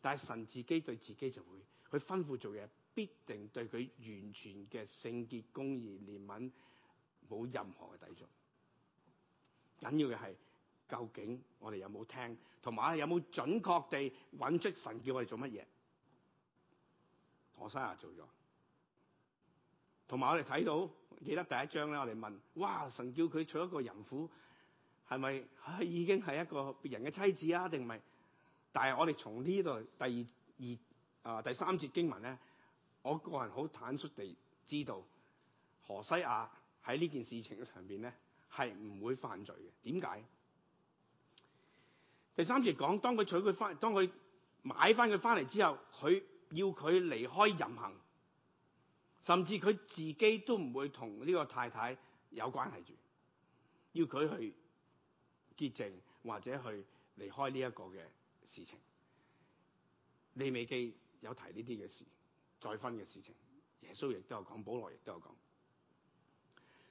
S1: 但係神自己對自己就會，去吩咐做嘢，必定對佢完全嘅聖潔、公義、憐憫，冇任何嘅抵觸。緊要嘅係。究竟我哋有冇聽，同埋有冇準確地搵出神叫我哋做乜嘢？何西阿做咗，同埋我哋睇到記得第一章咧，我哋問，哇！神叫佢娶一個淫婦，係咪已經係一個別人嘅妻子啊？定係？但係我哋從呢度第二二啊、呃、第三節經文咧，我個人好坦率地知道，何西阿喺呢件事情嘅上邊咧，係唔會犯罪嘅。點解？第三節講，當佢娶佢翻，當佢買翻佢翻嚟之後，佢要佢離開淫行，甚至佢自己都唔會同呢個太太有關係住，要佢去潔淨或者去離開呢一個嘅事情。利未記有提呢啲嘅事，再婚嘅事情，耶穌亦都有講，保羅亦都有講。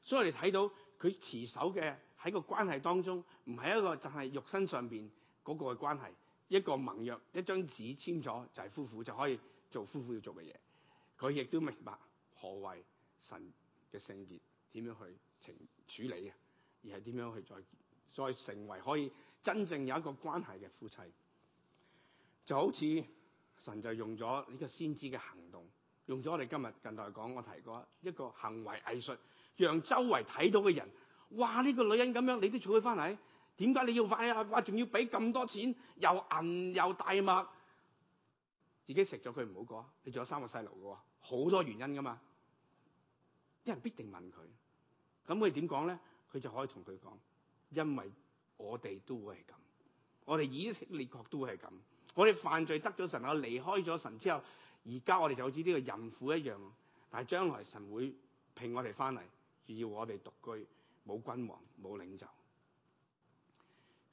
S1: 所以我哋睇到佢持守嘅喺個關係當中，唔係一個就係肉身上邊。嗰、那個嘅關係，一個盟約，一張紙簽咗就係、是、夫婦就可以做夫婦要做嘅嘢。佢亦都明白何為神嘅聖潔，點樣去情處理啊？而係點樣去再再成為可以真正有一個關係嘅夫妻？就好似神就用咗呢個先知嘅行動，用咗我哋今日近代講，我提過一個行為藝術，讓周圍睇到嘅人，哇！呢、這個女人咁樣，你都娶佢返嚟？點解你要犯啊？話仲要俾咁多錢，又銀又大麥，自己食咗佢唔好過？你仲有三個細路噶，好多原因噶嘛。啲人必定問佢，咁佢點講咧？佢就可以同佢講，因為我哋都會係咁，我哋以色列國都會係咁。我哋犯罪得咗神，我離開咗神之後，而家我哋就好似呢個淫婦一樣。但係將來神會聘我哋翻嚟，要我哋獨居，冇君王，冇領袖。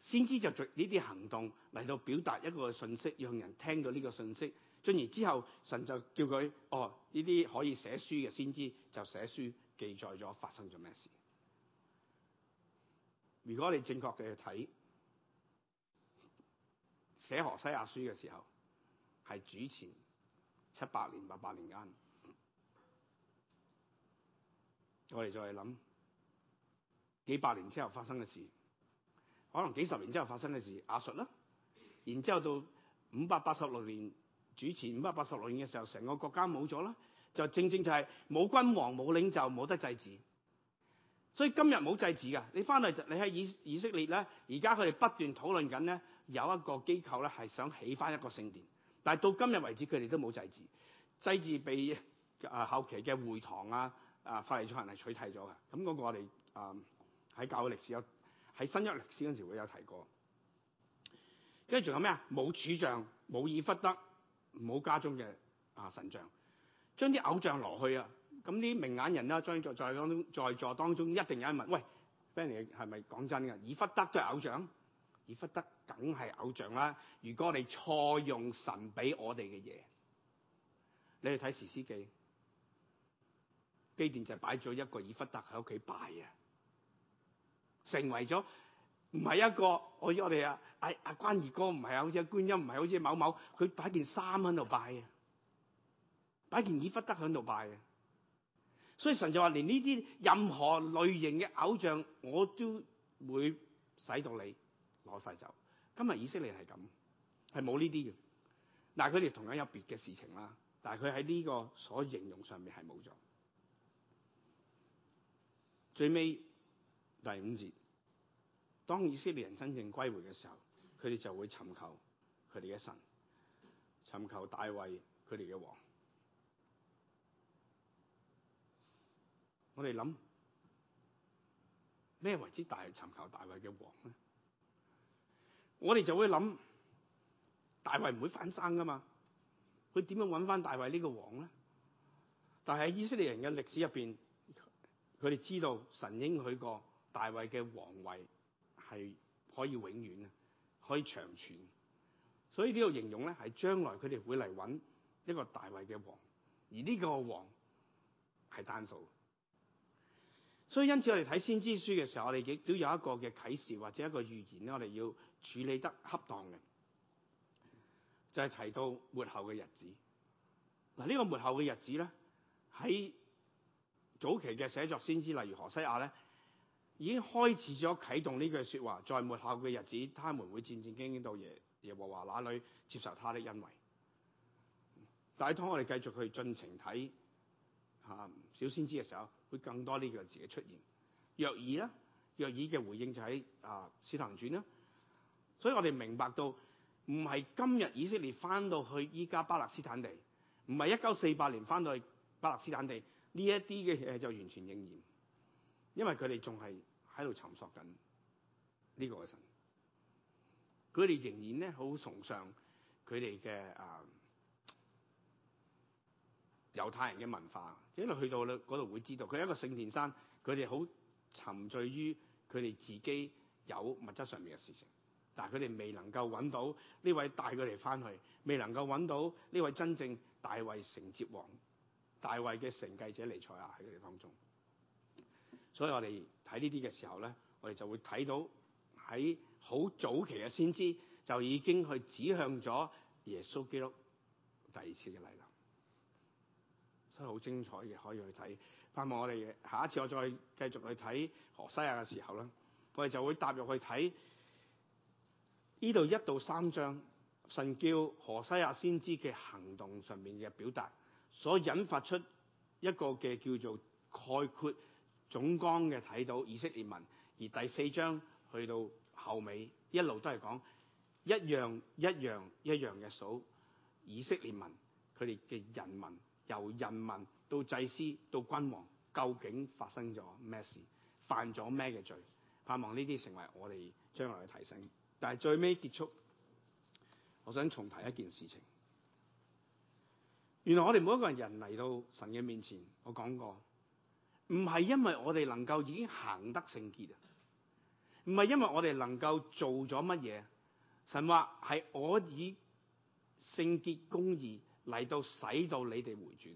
S1: 先知就做呢啲行動嚟到表達一個信息，讓人聽到呢個信息。進而之後，神就叫佢哦，呢啲可以寫書嘅先知就寫書記載咗發生咗咩事。如果你正確嘅去睇寫何西亞書嘅時候，係主前七百年八百年間，我哋再去諗幾百年之後發生嘅事。可能幾十年之後發生嘅事，亞述啦，然之後到五百八十六年，主前五百八十六年嘅時候，成個國家冇咗啦，就正正就係冇君王、冇領袖、冇得祭司。所以今日冇祭司嘅。你翻嚟，你喺以以色列咧，而家佢哋不斷討論緊咧，有一個機構咧係想起翻一個聖殿，但係到今日為止佢哋都冇祭司。祭司被啊後期嘅會堂啊啊法利賽人係取締咗嘅。咁、那、嗰個我哋啊喺教會歷史有。喺新約歷史嗰陣時，會有提過。跟住仲有咩啊？冇主像，冇以弗得，冇家中嘅啊神像，將啲偶像落去啊！咁啲明眼人啦，在在當中，在座當中一定有人問：喂，Benny 係咪講真嘅？以弗得都係偶像，以弗得梗係偶像啦！如果你哋錯用神俾我哋嘅嘢，你去睇《士師記》，基甸就擺咗一個以弗得喺屋企拜啊！成為咗唔係一個我我哋阿阿阿關二哥唔係啊，啊好似阿觀音唔係好似某某，佢擺件衫喺度拜啊，擺件衣忽得喺度拜啊，所以神就話連呢啲任何類型嘅偶像我都會使到你攞晒走。今日以色列係咁，係冇呢啲嘅，但佢哋同樣有別嘅事情啦。但係佢喺呢個所形容上面係冇咗，最尾。第五節，當以色列人真正歸回嘅時候，佢哋就會尋求佢哋嘅神，尋求大衛佢哋嘅王。我哋諗咩為之大？尋求大衛嘅王咧？我哋就會諗大衛唔會翻生噶嘛？佢點樣搵翻大衛呢個王咧？但係喺以色列人嘅歷史入邊，佢哋知道神應許過。大衛嘅王位係可以永遠啊，可以長存。所以呢個形容咧，係將來佢哋會嚟揾一個大衛嘅王，而呢個王係單數。所以因此我哋睇先知書嘅時候，我哋亦都有一個嘅啟示或者一個預言咧，我哋要處理得恰當嘅，就係、是、提到末後嘅日子。嗱、這、呢個末後嘅日子咧，喺早期嘅寫作先知，例如何西阿咧。已經開始咗啟動呢句說話，在末後嘅日子，他們會戰戰兢兢到耶耶和華那裏接受他的恩惠。但係當我哋繼續去盡情睇小先知嘅時候，會更多呢個字嘅出現。約珥啦，約珥嘅回應就喺、是、啊《使徒行傳》啦。所以我哋明白到，唔係今日以色列翻到去依家巴勒斯坦地，唔係一九四八年翻到去巴勒斯坦地，呢一啲嘅嘢就完全應驗。因為佢哋仲係喺度尋索緊呢個嘅神，佢哋仍然咧好崇尚佢哋嘅啊猶太人嘅文化，因為去到嗰度會知道佢係一個聖殿山，佢哋好沉醉於佢哋自己有物質上面嘅事情，但係佢哋未能夠揾到呢位帶佢哋翻去，未能夠揾到呢位真正大衛承接王、大衛嘅承繼者彌賽亞喺佢哋當中。所以我哋睇呢啲嘅時候咧，我哋就會睇到喺好早期嘅先知就已經去指向咗耶穌基督第二次嘅嚟臨，真係好精彩嘅，可以去睇。盼望我哋下一次我再繼續去睇何西阿嘅時候咧，我哋就會踏入去睇呢度一到三章神叫何西阿先知嘅行動上面嘅表達，所引發出一個嘅叫做概括。總綱嘅睇到以色列民，而第四章去到後尾，一路都係講一樣一樣一樣嘅數以色列民，佢哋嘅人民由人民到祭司到君王，究竟發生咗咩事，犯咗咩嘅罪？盼望呢啲成為我哋將來嘅提醒。但係最尾結束，我想重提一件事情。原來我哋每一個人嚟到神嘅面前，我講過。唔係因為我哋能夠已經行得聖潔啊，唔係因為我哋能夠做咗乜嘢，神話係我以聖潔公義嚟到使到你哋回轉，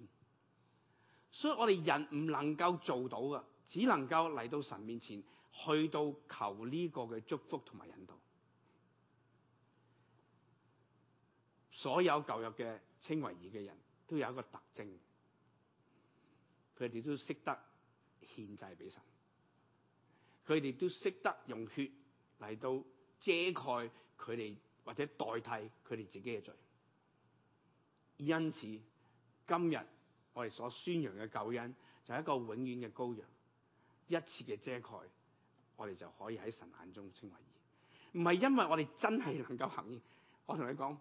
S1: 所以我哋人唔能夠做到噶，只能夠嚟到神面前去到求呢個嘅祝福同埋引導。所有舊約嘅稱為義嘅人都有一個特徵，佢哋都識得，獻祭俾神，佢哋都識得用血嚟到遮蓋佢哋或者代替佢哋自己嘅罪。因此今日我哋所宣揚嘅救恩就係一個永遠嘅羔羊，一次嘅遮蓋，我哋就可以喺神眼中稱為義。唔係因為我哋真係能夠行。我同你講，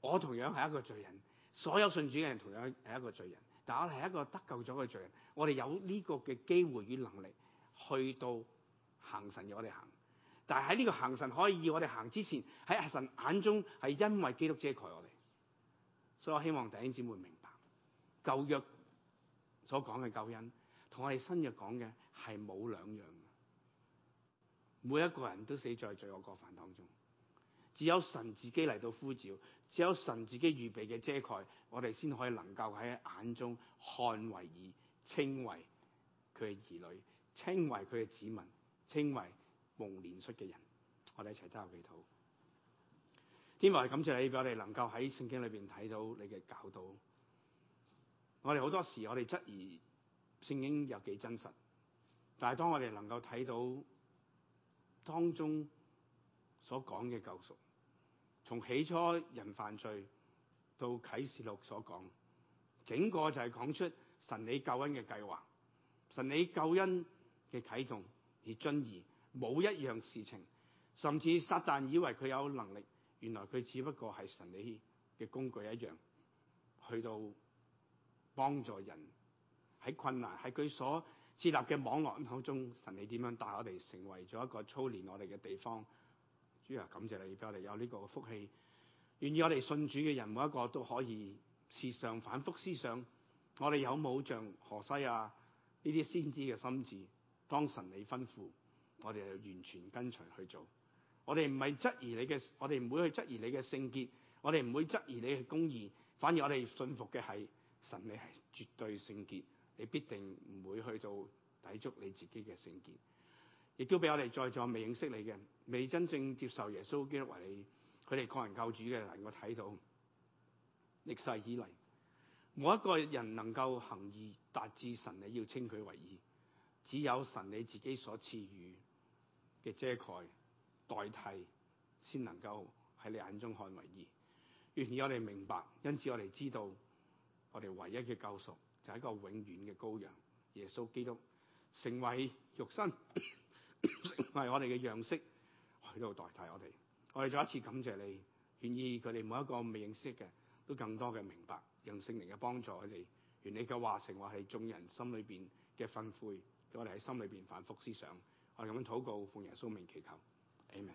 S1: 我同樣係一個罪人，所有信主嘅人同樣係一個罪人。但我係一個得救咗嘅罪人，我哋有呢個嘅機會與能力去到行神要我哋行。但喺呢個行神可以要我哋行之前，喺神眼中係因為基督遮蓋我哋。所以我希望弟兄姊妹明白舊約所講嘅救恩同我哋新約講嘅係冇兩樣的。每一個人都死在罪惡過犯當中。只有神自己嚟到呼召，只有神自己預備嘅遮蓋，我哋先可以能夠喺眼中看為義，稱為佢嘅兒女，稱為佢嘅子民，稱為蒙憐恤嘅人。我哋一齊都有祈禱。天父感謝你，俾我哋能夠喺聖經裏邊睇到你嘅教導。我哋好多時候我哋質疑聖經有幾真實，但係當我哋能夠睇到當中所講嘅救贖。從起初人犯罪到啟示錄所講，整個就係講出神理救恩嘅計劃，神理救恩嘅啟動而遵義冇一樣事情，甚至撒但以為佢有能力，原來佢只不過係神理嘅工具一樣，去到幫助人喺困難，喺佢所設立嘅網絡口中，神理點樣帶我哋成為咗一個操練我哋嘅地方？主啊，感謝你俾我哋有呢個福氣。願意我哋信主嘅人，每一個都可以時常反覆思想，我哋有冇像何西阿呢啲先知嘅心智？當神你吩咐，我哋係完全跟隨去做。我哋唔係質疑你嘅，我哋唔會去質疑你嘅聖潔。我哋唔會質疑你嘅公義，反而我哋信服嘅係神你係絕對聖潔，你必定唔會去到抵觸你自己嘅聖潔。亦都俾我哋在座未認識你嘅、未真正接受耶穌基督為佢哋個人救主嘅人，我睇到歷世以嚟冇一個人能夠行義達至神，你要稱佢為義，只有神你自己所賜予嘅遮蓋代替，先能夠喺你眼中看為義。願意我哋明白，因此我哋知道，我哋唯一嘅救贖就係一個永遠嘅羔羊耶穌基督成為肉身。係 [laughs] 我哋嘅樣式喺度代替我哋，我哋再一次感謝你，願意佢哋每一個未認識嘅都更多嘅明白，讓聖靈嘅幫助佢哋，願你嘅話成為係眾人心裏邊嘅糞灰，我哋喺心裏邊反復思想，我哋咁樣禱告，奉耶穌名祈求，阿門。